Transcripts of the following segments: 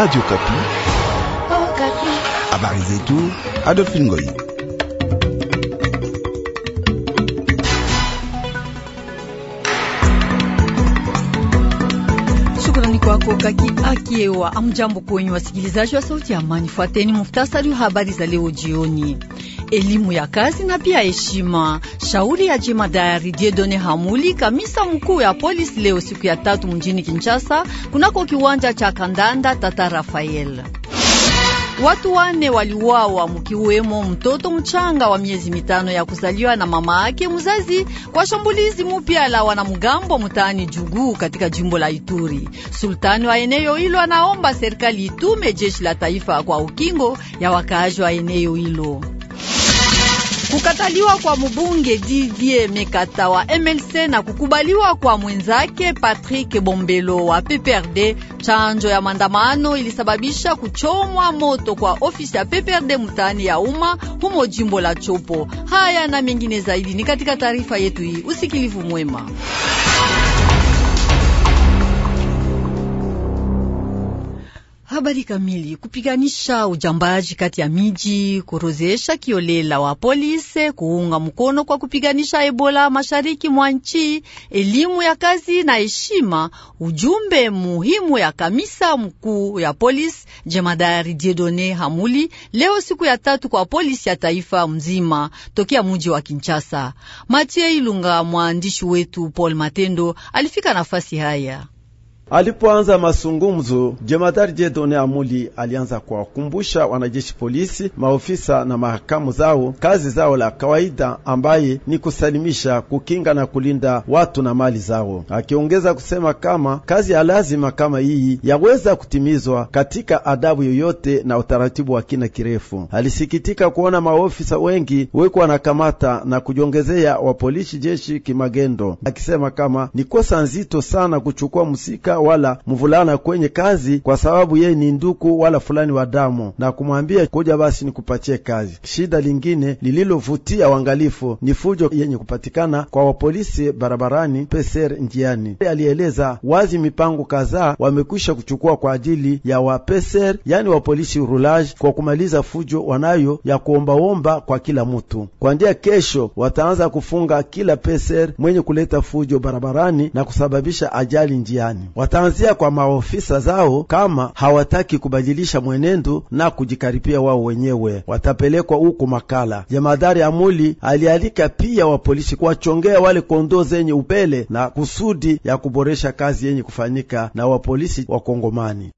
Radio Kapi. Oh, Kapi. Habari zetu Adolphine Ngoy. Shukrani kwako Kaki Akiewa. Amjambo kwenye wasikilizaji wa Sauti ya Amani, fuateni muftasari wa habari za leo jioni elimu ya kazi na pia heshima. Shauri ya jemadari Diedone Hamuli, kamisa mkuu ya polisi, leo siku ya tatu mjini Kinshasa, kunako kiwanja cha kandanda Tata Rafael. Watu wane waliuawa mkiwemo mtoto mchanga wa miezi mitano ya kuzaliwa na mama yake mzazi kwa shambulizi mupya la wanamgambo mtaani juguu katika jimbo la Ituri. Sultani wa eneo hilo anaomba serikali itume jeshi la taifa kwa ukingo ya wakaaji wa eneo hilo. Kukataliwa kwa mbunge Didier Mekata wa MLC na kukubaliwa kwa mwenzake Patrick Bombelo wa PPRD. Chanjo ya maandamano ilisababisha kuchomwa moto kwa ofisi ya PPRD mtaani ya umma humo jimbo la Chopo. Haya na mengine zaidi ni katika taarifa yetu hii. Usikilivu mwema. Habari kamili. Kupiganisha ujambaji kati ya miji, kurozesha kiolela wa polisi, kuunga mkono kwa kupiganisha Ebola mashariki mwa nchi, elimu ya kazi na heshima, ujumbe muhimu ya kamisa mkuu ya polisi jemadari Diedone Hamuli leo siku ya tatu kwa polisi ya taifa mzima tokea muji wa Kinshasa. Matie Ilunga, mwandishi wetu Paul Matendo alifika nafasi haya. Alipoanza masungumzo, jemadari Jedone Amuli alianza kuwakumbusha wanajeshi polisi, maofisa na mahakamu zao kazi zao la kawaida, ambaye ni kusalimisha, kukinga na kulinda watu na mali zao, akiongeza kusema kama kazi ya lazima kama hii yaweza kutimizwa katika adabu yoyote na utaratibu wa kina kirefu. Alisikitika kuona maofisa wengi weko wanakamata na kujongezea wapolishi jeshi kimagendo, akisema kama ni kosa nzito sana kuchukua musika wala mvulana kwenye kazi, kwa sababu yeye ni nduku wala fulani wa damu, na kumwambia kuja basi nikupatie kazi. Shida lingine lililovutia wangalifu ni fujo yenye kupatikana kwa wapolisi barabarani peser njiani. Alieleza wazi mipango kadhaa wamekwisha kuchukua kwa ajili ya wapeser, yani wapolisi rulage, kwa kumaliza fujo wanayo ya kuombaomba kwa kila mtu. Kwandia kesho wataanza kufunga kila peser mwenye kuleta fujo barabarani na kusababisha ajali njiani wataanzia kwa maofisa zao, kama hawataki kubadilisha mwenendo na kujikaripia wao wenyewe, watapelekwa huko Makala. Jemadari Amuli alialika pia wapolisi kuwachongea wale kondoo zenye upele na kusudi ya kuboresha kazi yenye kufanyika na wapolisi wa Kongomani.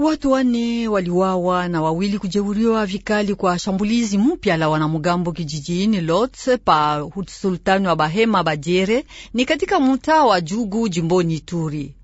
Watu wanne waliwawa na wawili kujeuriwa vikali kwa shambulizi mpya la wanamgambo kijijini Lot pa sultani wa Bahema Bajere ni katika mtaa wa Jugu jimboni Ituri.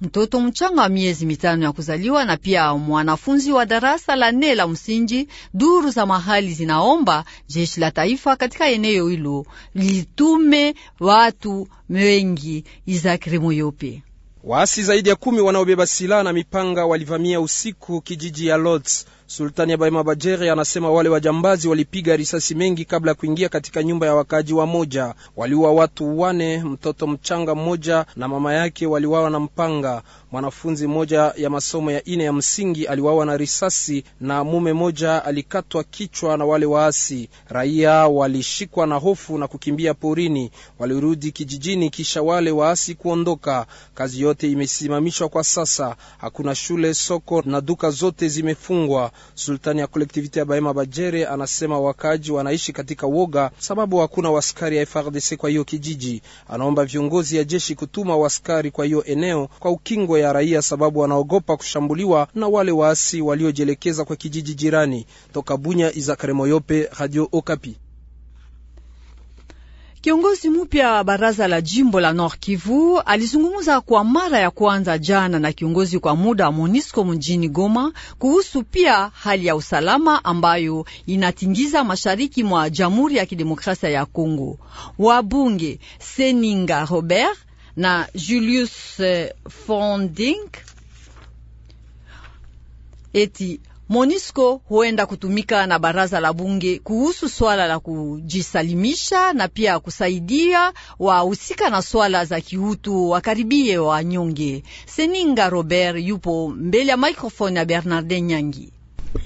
Mtoto mchanga wa miezi mitano ya kuzaliwa na pia mwanafunzi wa darasa la nne la msingi. Duru za mahali zinaomba jeshi la taifa katika eneo hilo litume watu wengi. Izakiri yope Waasi zaidi ya kumi wanaobeba silaha na mipanga walivamia usiku kijiji ya lots Sultani ya Baima Bajere anasema wale wajambazi walipiga risasi mengi kabla ya kuingia katika nyumba ya wakaaji wa moja. Waliua watu wane, mtoto mchanga mmoja na mama yake waliwawa na mpanga. Mwanafunzi mmoja ya masomo ya ine ya msingi aliwawa na risasi na mume mmoja alikatwa kichwa na wale waasi. Raia walishikwa na hofu na kukimbia porini, walirudi kijijini kisha wale waasi kuondoka. Kazi yote imesimamishwa kwa sasa, hakuna shule, soko na duka zote zimefungwa. Sultani ya kolektivite ya Bahema Bajere anasema wakaaji wanaishi katika woga sababu hakuna waskari ya FRDC kwa hiyo kijiji. Anaomba viongozi ya jeshi kutuma waskari kwa hiyo eneo kwa ukingo ya raia, sababu wanaogopa kushambuliwa na wale waasi waliojielekeza kwa kijiji jirani. Toka Bunya, Izakare Moyope, Radio Okapi. Kiongozi mpya wa baraza la jimbo la Nord Kivu alizungumza kwa mara ya kwanza jana na kiongozi kwa muda wa MONUSCO mjini Goma kuhusu pia hali ya usalama ambayo inatingiza mashariki mwa Jamhuri ya Kidemokrasia ya Kongo. Wabunge Seninga Robert na Julius Fonding eti monisco huenda kutumika na baraza la bunge kuhusu swala la kujisalimisha na pia kusaidia wahusika na swala za kiutu wakaribie wanyonge. Seninga Robert yupo mbele ya microfone ya Bernardin Nyangi.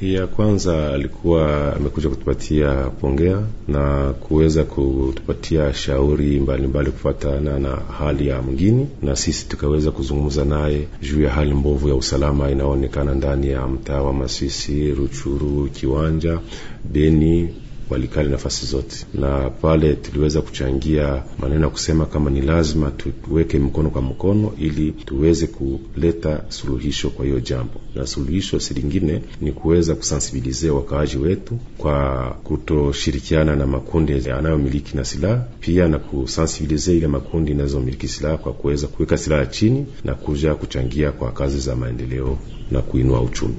Ya kwanza alikuwa amekuja kutupatia pongea na kuweza kutupatia shauri mbalimbali kufuatana na hali ya mgini, na sisi tukaweza kuzungumza naye juu ya hali mbovu ya usalama inayoonekana ndani ya mtaa wa Masisi, Ruchuru, Kiwanja, Beni walikali nafasi zote, na pale tuliweza kuchangia maneno ya kusema kama ni lazima tuweke mkono kwa mkono ili tuweze kuleta suluhisho kwa hiyo jambo, na suluhisho si lingine, ni kuweza kusansibilizia wakaaji wetu kwa kutoshirikiana na makundi yanayomiliki na silaha, pia na kusansibilizia ile makundi inazomiliki silaha kwa kuweza kuweka silaha chini na kuja kuchangia kwa kazi za maendeleo na kuinua uchumi.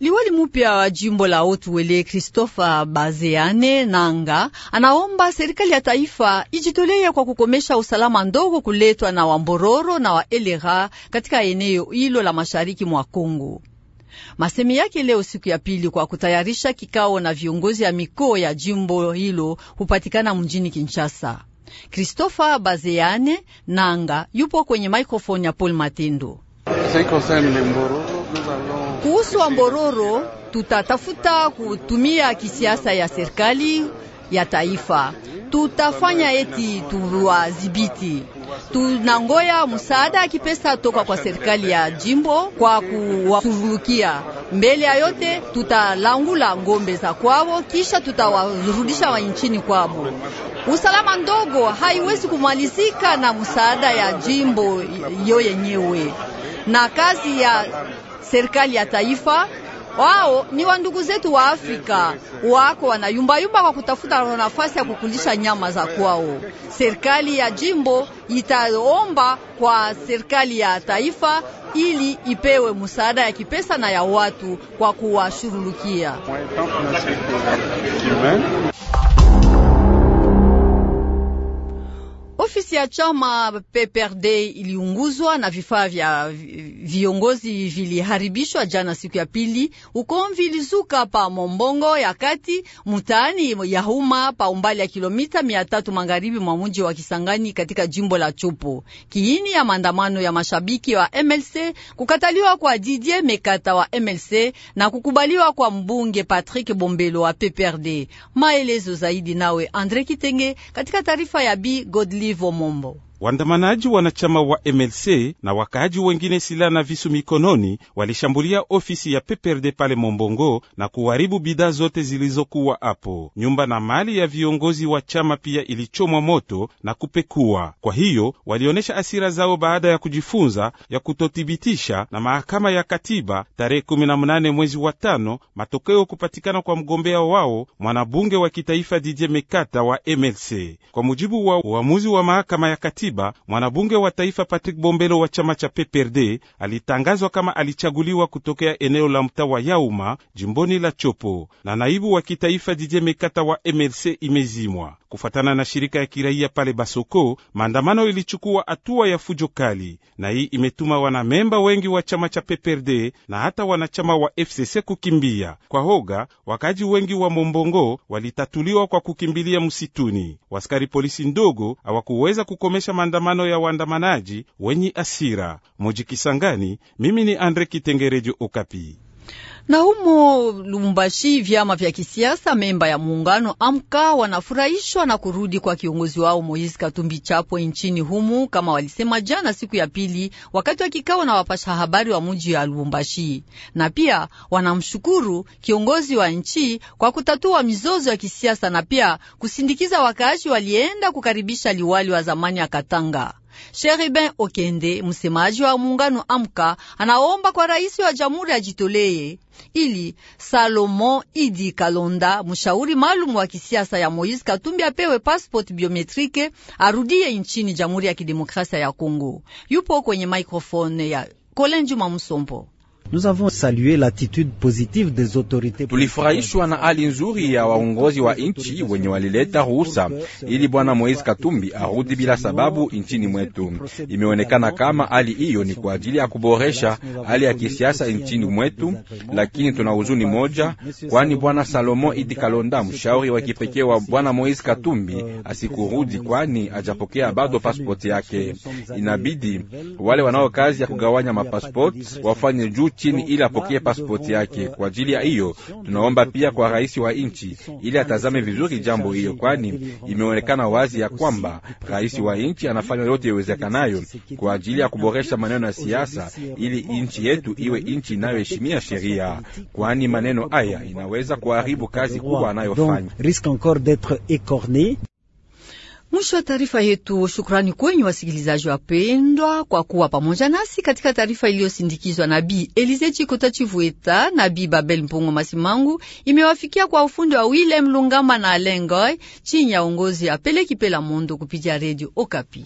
Liwali mupya wa jimbo la Otuwele Christopher Bazeane Nanga anaomba serikali ya taifa ijitolea kwa kukomesha usalama ndogo kuletwa na Wambororo na wa Elera katika eneo hilo la mashariki mwa Kongo. Masemi yake leo siku ya pili kwa kutayarisha kikao na viongozi ya mikoa ya jimbo hilo hupatikana mjini Kinshasa. Christopher Bazeane Nanga yupo kwenye maikrofoni ya Paul Matendo. Kuhusu mbororo tutatafuta kutumia kisiasa ya serikali ya taifa, tutafanya eti tuwadhibiti. Tunangoya msaada kipesa toka kwa serikali ya jimbo kwa kuwasulukia mbele ya yote tutalangula ngombe za kwao, kisha tutawarudisha wa nchini kwao. Usalama ndogo haiwezi kumalizika na msaada ya jimbo yo yenyewe na kazi ya serikali ya taifa wao ni wandugu zetu wa Afrika wako wanayumbayumba kwa kutafuta nafasi ya kukulisha nyama za kwao. Serikali ya jimbo itaomba kwa serikali ya taifa ili ipewe msaada ya kipesa na ya watu kwa kuwashurulukia. Ofisi ya chama PPRD iliunguzwa na vifaa vya viongozi viliharibishwa jana siku ya pili. Ukomvi ilizuka pa Mombongo ya kati mtaani ya Huma pa umbali ya kilomita mia tatu magharibi mwa mji wa Kisangani katika jimbo la Chupu, Kiini ya maandamano ya mashabiki wa MLC kukataliwa kwa Didier Mekata wa MLC na kukubaliwa kwa mbunge Patrick Bombelo wa PPRD. Maelezo zaidi nawe Andre Kitenge katika taarifa ya B Godlive kimombo Waandamanaji wanachama wa MLC na wakaaji wengine silaha na visu mikononi walishambulia ofisi ya PPRD pale Mombongo na kuharibu bidhaa zote zilizokuwa hapo. Nyumba na mali ya viongozi wa chama pia ilichomwa moto na kupekua. Kwa hiyo walionyesha asira zao baada ya kujifunza ya kutothibitisha na mahakama ya katiba tarehe 18 mwezi wa tano matokeo kupatikana kwa mgombea wao mwanabunge wa kitaifa DJ Mekata wa MLC. Kwa mujibu wa uamuzi wa mahakama ya katiba katiba, mwanabunge wa taifa Patrick Bombelo wa chama cha PPRD alitangazwa kama alichaguliwa kutokea eneo la mtaa wa Yauma jimboni la Chopo, na naibu wa kitaifa Didie Mekata wa MLC imezimwa. Kufuatana na shirika ya kiraia pale Basoko, maandamano ilichukua hatua ya fujo kali, na hii imetuma wanamemba wengi wa chama cha PPRD na hata wanachama wa FCC kukimbia kwa hoga. Wakaji wengi wa Mombongo walitatuliwa kwa kukimbilia msituni. Waskari polisi ndogo hawakuweza kukomesha maandamano ya waandamanaji wenye asira mujikisangani. Mimi ni Andre Kitengerejo, Okapi na humo Lubumbashi, vyama vya kisiasa memba ya muungano Amka wanafurahishwa na kurudi kwa kiongozi wao Moise Katumbi Chapwe nchini humu, kama walisema jana siku ya pili, wakati wa kikao na wapasha habari wa muji ya Lubumbashi. Na pia wanamshukuru kiongozi wa nchi kwa kutatua mizozo ya kisiasa na pia kusindikiza wakaaji walienda kukaribisha liwali wa zamani ya Katanga. Sheribin Okende, msemaji wa muungano Amka, anaomba kwa rais wa jamhuri ajitolee ili Salomon Idi Kalonda, mshauri maalum wa kisiasa ya Moise Katumbi, apewe passport biometrike arudie nchini Jamhuri ya Kidemokrasia ya Kongo. Yupo kwenye microphone ya Kolenjuma musompo Tulifurahishwa na hali nzuri ya waongozi wa nchi wenye walileta ruhusa ili bwana Moise Katumbi arudi bila sababu nchini mwetu. Imeonekana kama hali hiyo ni kwa ajili ya kuboresha hali ya kisiasa nchini mwetu, lakini tuna huzuni moja, kwani bwana Salomo Idi Kalonda, mshauri wa kipekee wa bwana Moise Katumbi, asikurudi, kwani ajapokea bado pasipoti yake. Inabidi wale wanao kazi ya kugawanya mapasipoti wafanye juu chini ili apokee pasipoti yake. Kwa ajili ya hiyo, tunaomba pia kwa rais wa nchi ili atazame vizuri jambo hiyo, kwani imeonekana wazi ya kwamba rais wa nchi anafanya yote iwezekanayo kwa ajili ya kuboresha maneno ya siasa ili nchi yetu iwe nchi inayoheshimia sheria, kwani maneno haya inaweza kuharibu kazi kubwa anayofanya. Mwisho wa taarifa yetu. Shukrani kwenyu wasikilizaji wapendwa kwa kuwa pamoja nasi katika taarifa iliyosindikizwa na Bi Elize Chikota Chivueta na Bi Babel mpungo Masimangu, imewafikia kwa ufundi wa Willem Lungama na lengoi chini ya uongozi ya Peleki Pela Mondo kupitia Redio Okapi.